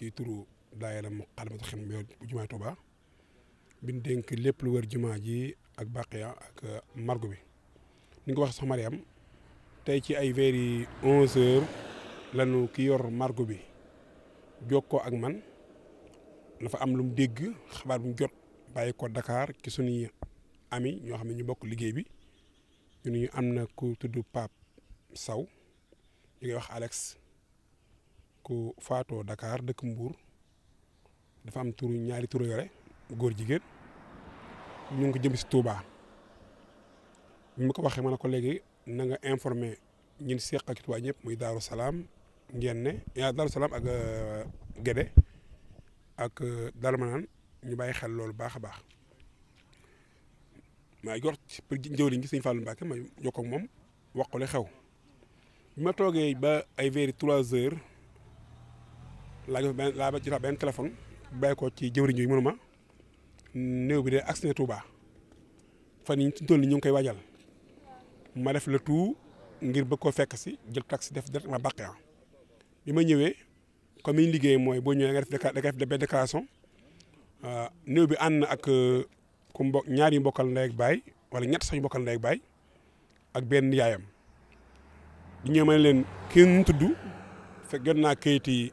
ci turu daayira Moukhaddamatoul Khidma bu jumaa Tuuba biñ dénk lépp lu wër jumaa ji ak baqiya ak euh, margo bi ni nga wax sax Mariam tey ci ay vers yi onze heures ki yor margo bi jokkoo ak man dafa am lu dégg xabaar bu mu jot bàyyi ko Dakar ci suñuy ami ñoo xam ne ñu bokk liggéey bi ñu ne ñu am na ku tudd Pape Sow ñu ngi wax Alex ku faatoo dakaar dëkk Mbour dafa am turu ñaari turu yore góor jigéen ñu ngi ko jëm si Touba bi ma ko waxee ma ne ko léegi na nga informé ñin seq ak Touba ñëpp muy Daaru Salaam ngeen ne yaa Daaru Salaam ak euh, Gédé ak euh, Daaru ñu bàyyi xel loolu baax a baax maa yor ci njëwriñ gi sëñ Fallou Mbacke ma jokkoo moom wax ko xew ma toogee ba ay vers trois heures. laaj ma benn ci benn téléphone bàyyi ko ci jëwriñ yi mënuma néew bi de agsi na Touba fan yii ci tool yi ñu ngi koy waajal ma def le tout ngir bëgg ko fekk si jël taxi def directement Bakhia bi ma ñëwee comme liggéey mooy boo ñëwee nga def da nga euh, néew bi ànd na ak euh, ku ñaari mbokkal ndey ak baay wala ñett sax yu mbokkal ndey ak baay ak benn yaayam. di ñëw ma ne leen kii nu fekk jot naa kayit yi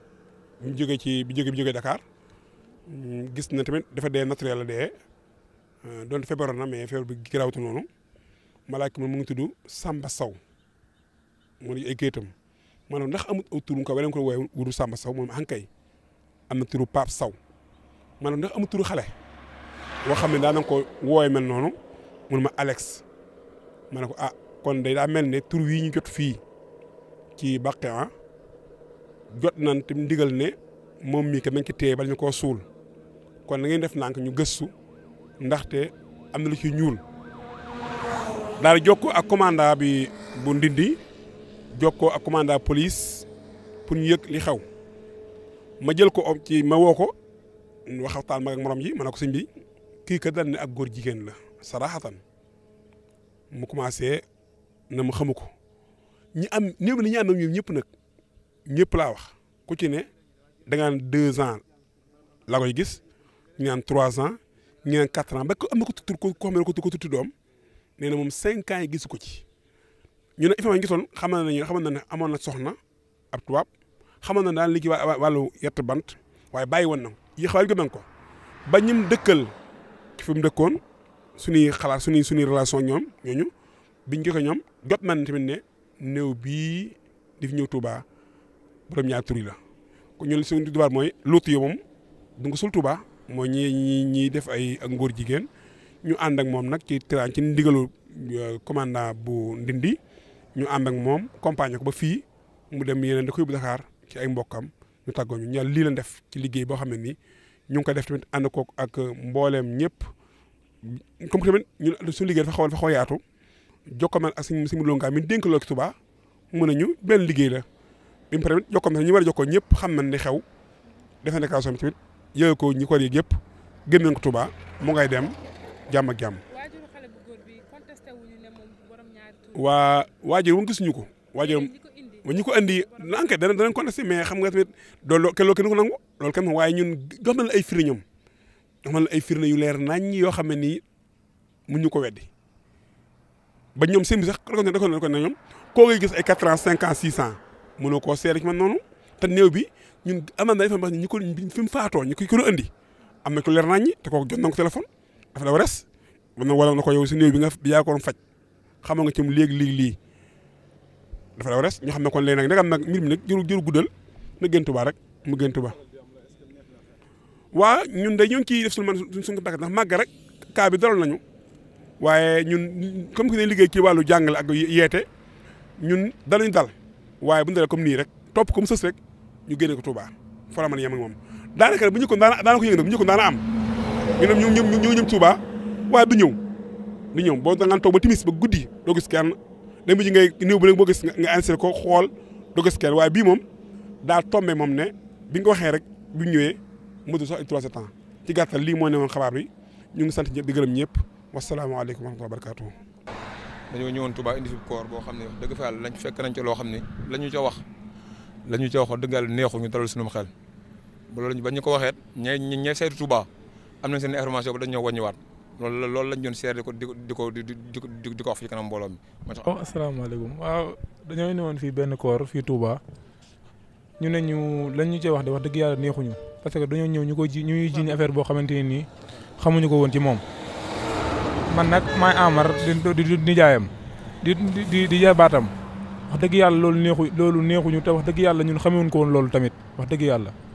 bi mu ci bi jógee bi jógee dakaar mm, gis na tamit dafa dee naturel la dee euh, donte feebaroon na mais feebar bi garaawtu noonu malaaka mi mu ngi tudd Samba Sow mu ne ay kayitam maanaam ndax amul aw turu nga ko wala nga ko woowee wudu Samba Sow moom ànkay am na turu Pape Sow maanaam ndax amul turu xale boo xam ne daa na ko woowee mel noonu mun ma Alex ma ne ko ah kon day daa mel ne tur wii ñu jot fii ci Bakhina ah, jot nañ tam ndigal ne moom mii kat nañ ko téye bala ñu koo suul kon na ngeen def ndànk ñu gëstu ndaxte am na lu ci ñuul daal jokkoo ak commandant bi bu Ndindi jokkoo ak commandant police pour ñu yëg li xew ma jël ko om ci ma woo ko waxtaan mag ak ji ma ne ko sëñ bi kii kat dañ ak góor jigéen la saraxatan mu commencé na mu xamu ko ñi am néew li ñu ànd ak ñoom ñëpp nag ñëpp laa wax ku ci ne da ngaan deux ans la koy gis ñu naan trois ans ñu naan quatre ans ba ko am na ko tudd ko xam ne ko ko tudd doom nee na moom cinq ans yi gisu ko ci ñu ne ifam yi gisoon xamal nañu xamal na ne amoon na soxna ab tubaab xamal na daal liggéey wàllu yett bant waaye bàyyi woon na yi xawaal gëm nañ ko ba ñim dëkkal ci fi mu dëkkoon suñuy xalaat suñuy suñuy relation ñoom ñooñu biñ ko ñoom jot nañ tamit ne néew bii di fi ñëw Touba borom ñaar tur la ko ñu suñu dubaar mooy luutu yi moom du nga sul Tuuba mooy ñi ñi def ay ak ngóor jigéen ñu ànd ak moom nag ci tiraan ci ndigalu euh, commandant bu Ndindi ñu ànd ak moom compagné ko ba fii mu dem yeneen da koy bu ci ay mbokkam ñu tàggoo ñu ñaar lii lañ def ci liggéey boo xam ne nii ñu ngi ko def tamit ànd ko ak mbooleem ñëpp comme tamit ñun suñu liggéey dafa xaw a dafa xaw a yaatu jokkomal ak suñu suñu longaa mi dénk loo ci Tuuba mën benn liggéey la bi mu paree jokkoo ñi war a jokkoo ñëpp xam nañ li xew défénécation bi tamit yooyu ko ñi ko war yëg yëpp gën nañ ko mu ngay dem jàmm jàmm. waa waajur moom gisuñu ko. waajur moom ñi ko andi na enquête danañ danañ contesté mais xam nga tamit loolu kenn loo kenn ko nangu loolu kenn waaye ñun jox nañ la ay firnde ñoom jox nañ la ay firnde yu leer nañ yoo xam ne nii mun ñu ko weddi ba ñoom seen bi sax da ko ne da ko ne ñoom koo gis ay quatre ans cinq six ans. mënoo koo seere ci man noonu te new bi ñun am na dafa ñu ko fi mu faatoo ñu koy ko andi am na ko leer nañ ñi te kooku jot na ko téléphone dafa daw res man na waral na ko yow si new bi nga yaa ko faj xam nga ci mu léegi léegi lii dafa daw res ñu xam ne kon léegi nag nag am nag mbir mi nag jëru jëru guddal na gën Tuubaa rek mu gën Tuubaa waa ñun de ñu ngi ciy def suñu man suñ suñu tàkk ndax màgg rek kaa bi dalal nañu waaye ñun comme que ne liggéey ci wàllu jàngale ak yeete ñun dalañu dal waaye bu ñu dalee comme nii rek topp comme sës rek ñu génne ko Touba fa la mën a yem ak moom daanaka bu ñu ko daana daana ko yëngu bu ñu ko daana am ñu ne ñu ñu ñu ñëm Touba waaye du ñëw du ñëw boo da ngaan ba timis ba guddi doo gis kenn da mujj ngay néew ba léegi boo gis nga inséré ko xool doo gis kenn waaye bii moom daa tombé moom ne bi nga waxee rek bu ñëwee motu sax trois sept ans ci gàttal lii moo ne woon xabaar bi ñu ngi sant ñëpp di gërëm ñëpp wasalaamaaleykum wa rahmatulah wa barakatuh dañoo ñëwoon Touba indi fi koor boo xam ne wax dëgg fa yàlla lañ fekk nañ ci loo xam ne la ñu ca wax lañu ñu ca wax wax dëgg yàlla neexu ñu dalal suñu xel ba loolu ba ñu ko waxeet ñay ñay saytu Touba am nañ seen information ba dañ ñoo wàññiwaat loolu la loolu lañ doon seer di ko di ko di ko di ko wax fii mbooloo mi. waaw oh, asalaamaaleykum waaw dañoo indi woon fii benn koor fii Touba ñu ne ñu lañ ñu cee wax de wax dëgg yàlla neexuñu parce que dañoo ñëw ñu ko ji ñu ji jiñ affaire boo xamante ne nii xamuñu ko woon ci moom man nag maay Amar di di nijaayam di di di jabaatam wax dëgg yàlla loolu neexu loolu neexuñu te wax dëgg yàlla ñun xamewuñ ko woon loolu tamit wax dëgg yàlla